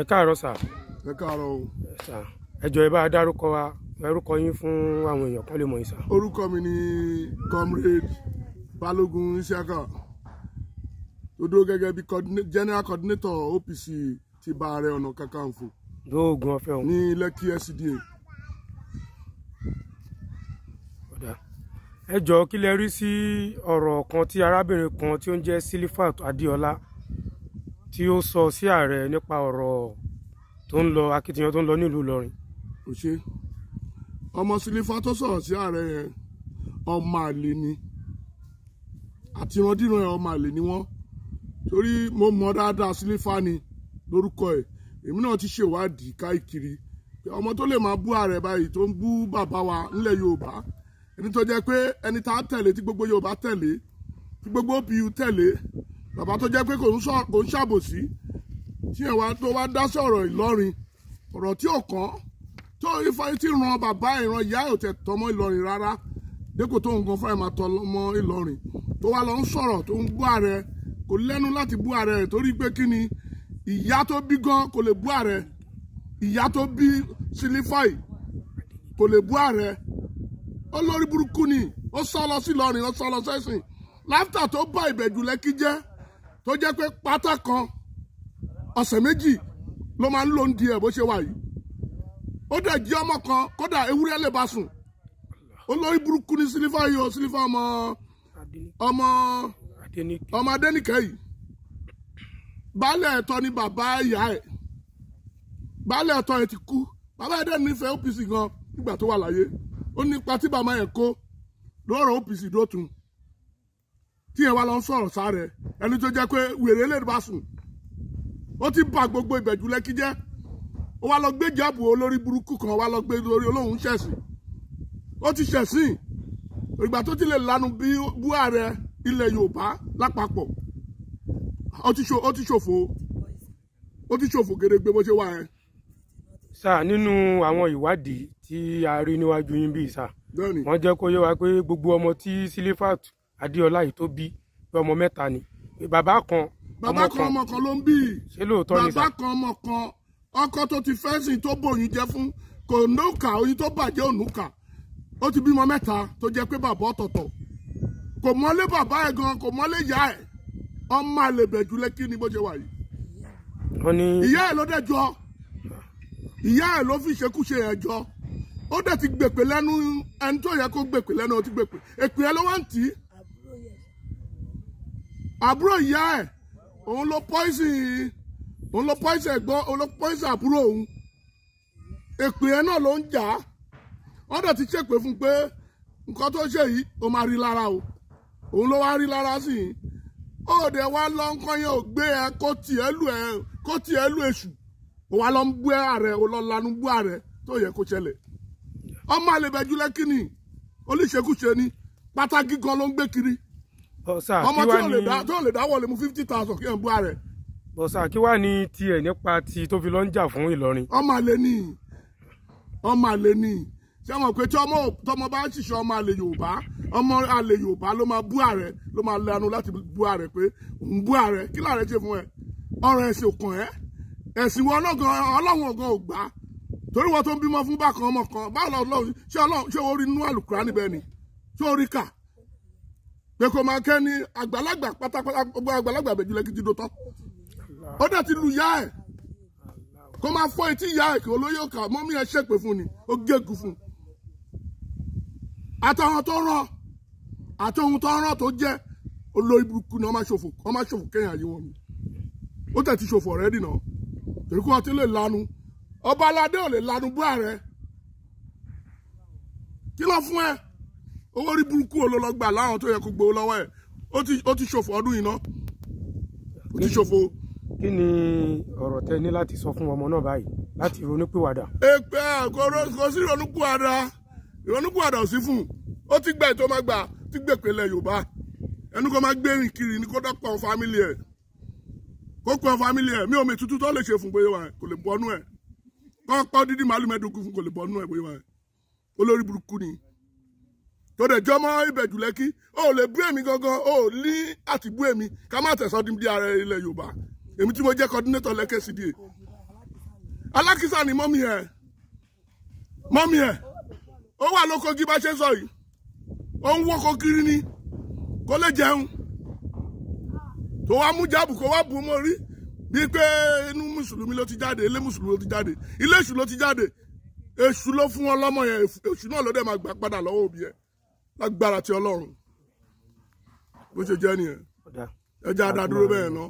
ẹ káàárọ̀ sà. ẹ káàárọ̀ o. sà ẹ jọ̀ọ́ ẹ bá dárúkọ wa orúkọ yín fún àwọn èèyàn kan lè mọ̀ yín sà. orúkọ mi ni comrade balógun isiaka tó dúró gẹ́gẹ́ bí general coordinator OPC ti Ààrẹ Ọ̀nà Kakanfò. lóògùn ọ̀fẹ́ òun. ní Lekki SCDA. ẹ jọ̀ọ́ kí lẹ rí sí ọ̀rọ̀ kan tí arábìnrin kan tí ó ń jẹ́ Silifat Adéọlá tí ó sọ sí ààrẹ nípa ọ̀rọ̀ tó ń lọ akitiyan tó ń lọ nílùú Ìlọrin. kò ṣe ọmọ sílífà tó sọ̀rọ̀ sí ààrẹ yẹn ọmọ àlè ni àti ìrandíran ẹ̀ ọmọ àlè ni wọ́n torí mo mọ̀ dáadáa sílífà ni lórúkọ ẹ̀ èmi náà ti ṣèwádìí káàkiri ọmọ tó lè máa bú ààrẹ báyìí tó ń bú bàbá wa nílẹ̀ Yorùbá ẹni tó jẹ́ pé ẹni tá a tẹ̀lé tí gbogbo Yorùbá tẹ̀lé tí gbogbo OPU tẹ̀lé bàbá tó jẹ́ pé kò ń ṣàbòsí tí ẹ̀ wá tó wá dá sí ọ̀rọ̀ Ìlọrin ọ̀rọ̀ tí ò kàn tó ifá tí ran bàbá ìran ìyá ò tẹ̀ tọmọ Ìlọrin rárá dépò tó nǹkan fún ẹ̀ máa tọmọ Ìlọrin tó wá lọ ń sọ̀rọ̀ tó ń bú ààrẹ kò lẹ́nu láti bú ààrẹ rẹ̀ torí pé kí ni ìyá tó bí gan kò lè bú ààrẹ ìyá tó bí sílífàì kò lè bú ààrẹ olórí burúkú ni ó sá lọ sí Ìlọrin ó sá lọ sẹ́sìn láfítà tó bá Ìbẹ̀jú Lẹ́kí jẹ́ tó jẹ́ pé pátá kan ọ̀sẹ̀ méjì ló máa ń lò ń di ẹ̀ bó ṣe wà yìí ó dẹ̀ jí ọmọ kan kódà ewúrẹ́ lè bá sùn olórí burúkú ní sílífà yìí ó sílífà ọmọ ọmọ ọmọ adẹ́nìkẹ́ yìí baálé ẹ̀tọ́ ni bàbá ìyá ẹ̀ baálé ẹ̀tọ́ ẹ̀ ti kú bàbá ẹ̀dẹ́ nífẹ̀ẹ́ OPC gan nígbà tó wà láyé ó ní ipa tí bàbá kó lọ́rọ̀ OPC dótun tí yẹn wá lọ sọ̀rọ̀ sáré ẹni tó jẹ́ pé wèrè lè bá sùn ó ti bà gbogbo ìbẹ̀jú lẹ́kí jẹ́ ó wá lọ gbé jáàbù olórí burúkú kan wá lọ gbé lórí olóhùn ṣẹ̀sìn ó ti ṣẹ̀sìn ìgbà tó ti lè lanu bí bú ààrẹ ilẹ̀ Yorùbá lápapọ̀ ó ti ṣòfò ó ti ṣòfò gédégbé bó ṣe wà ẹ́. sà nínú àwọn ìwádìí tí a rí níwájú yín bíi sà wọ́n jẹ́ kó yé wa pé gbogbo ọmọ tí sílífàtù adéọlá yìí tó bí pé ọmọ mẹ́ta ni bàbá kan bàbá kan ọmọ kan ló ń bí ṣé lóòótọ́ ni bàbá kan ọmọ kan ọkọ tó ti fẹ́sìn tó bòyìn jẹ fún kò nóòkà oyin tó bàjẹ́ ònúkà ó ti bímọ mẹ́ta tó jẹ́ pé bàbá ọ̀tọ̀ọ̀tọ̀ kò mọ́lé bàbá ẹ̀ gan kò mọ́lé ìyá ẹ̀ ọmọ àlebẹ̀jú lẹ́kí ni bó ṣe wà yìí ìyá ẹ̀ ló dẹjọ́ ìyá ẹ̀ ló fi ìṣekúṣe ẹ̀ jọ ó dẹ̀ ti gbèpè lẹ́nu ẹni tó yẹ kó gbèpè lẹ́nu ó ti gbèpè èpè ẹ̀ ló wá ń tì í àbúrò ìyá ẹ̀ òun ló poison òun ló poison ẹ̀gbọ́n òun ló poison àbúrò òun èpè ẹ̀ náà ló ń jà á wọ́n dẹ̀ ti ṣèpè fún un pé nǹkan tó ṣe yìí ó máa rí lára o òun ló wá rí lára sí i ó dẹ̀ wá lọ ń kọ́yìn ò gbé ẹ kó tiẹ̀ lù ẹ kó tiẹ̀ lù èṣù ó wá lọ ń bú ààrẹ ó lọ lanu bú ààrẹ tó yẹ kó ṣẹlẹ̀ ọmọ àlebẹ̀jú lẹ́kìnì oníṣekúṣe ni pátá gígan ló ń gbé kiri ọmọ tí ò lè dá tí ò lè dá wọlé mu fifty thousand kí ẹ̀ ń bú ààrẹ. bọ̀sà kí wàá ní tiẹ̀ nípa ti tó fi lọ ń jà fún Ìlọrin. ọmọ àlè ni ọmọ àlè ni ṣé wọn pé tí ọmọ tọmọ bá ń ṣiṣẹ́ ọmọ àlè Yorùbá ọmọ àlè Yorùbá ló máa bú ààrẹ ló máa lanu láti bú ààrẹ pé òun bú ààrẹ kí láàrẹ ṣe fún ẹ ọ̀rọ̀ ẹ̀sìn òkàn ẹ ẹ̀sìn wọn Ọlọ́run ọgàn ò gbà torí wọn tó ń bímọ fún bákan ọmọ kan báwo lọ ṣé Ọlọ́run ṣé orí inú àlùkùrá níbẹ̀ ni ṣé orí kà pé kó máa kẹ́ ní àgbàlagbà pátápátá gbogbo àgbàlagbà bẹ̀jùlẹ̀ gidi dòtọ́ ó dẹ̀ ti lu ìyá ẹ̀ kó máa fọ́ etí ìyá ẹ̀ kí olóyè ọkà mọ́mí ẹ̀ ṣèpè fún ni ó gégùn fún àtàwọn tó rọ àti ohun tó rọ tó jẹ́ olórí burúkú ni wọ́n máa ṣòfò wọ́n máa ṣòfò kẹ́yìn ayé wọn ni ó tẹ̀ ti ṣòfò ọ̀rẹ́ dìnà torí kó ọtí lè lanu ọba aládé ò lè lanu bú ààrẹ kí ló fún ẹ owó rí burúkú olólọ́gbà láwọn tó yẹ kó gbowó lọ́wọ́ ẹ̀ ó ti ṣòfò ọdún yìí náà ó ti ṣòfò. kí ni ọ̀rọ̀ tẹ ní láti sọ fún ọmọ náà báyìí láti ronúpìwàdà. èpè kò sí ronúpìwàdà ronúpìwàdà ò sí fún ó ti gbà ètò máa gbà ti gbèpè lẹ Yorùbá ẹnu kó máa gbẹ̀rìn kiri ni kó dọ́pọ̀ fámìlì ẹ̀ kó pọ̀ fámìlì ẹ̀ mi ò mi tuntun tó lè ṣe fún bóyá wa kò lè bọ́nú ẹ̀ kọ́ pọ́ dídí màálù mẹ́ẹ̀ẹ́dógún fún kò lè bọ́nú ẹ̀ bóyá wa olórí burúkú ni tó dẹ̀ jọmọ́ ìbẹ̀jù lẹ́kí ó lè bú èmi gangan ó ní àti bú èmi ká má tẹ̀sán dín bí ààrẹ ilẹ̀ yorùbá èmi tí mo jẹ́ coordinator lẹ́kẹ́ CDA alákìsà ni mọ́mí ẹ̀ mọ́mí ẹ̀ ó wà lóko kí bá ṣe sọ yìí ó ń wọ́kọ kiri ni kó lè jẹun tó wá mú jáàbù kó wá bù mọ́ rí bíi pé inú mùsùlùmí ló ti jáde ilé mùsùlùmí ló ti jáde ilé èṣù ló ti jáde èṣù ló fún wọn lọ́mọ yẹn èṣù náà ló dẹ̀ máa gbà padà lọ́wọ́ òbí yẹn lágbára ti ọlọ́run bó ṣe jẹ́ nìyẹn ẹja dá bẹ́ẹ̀ náà.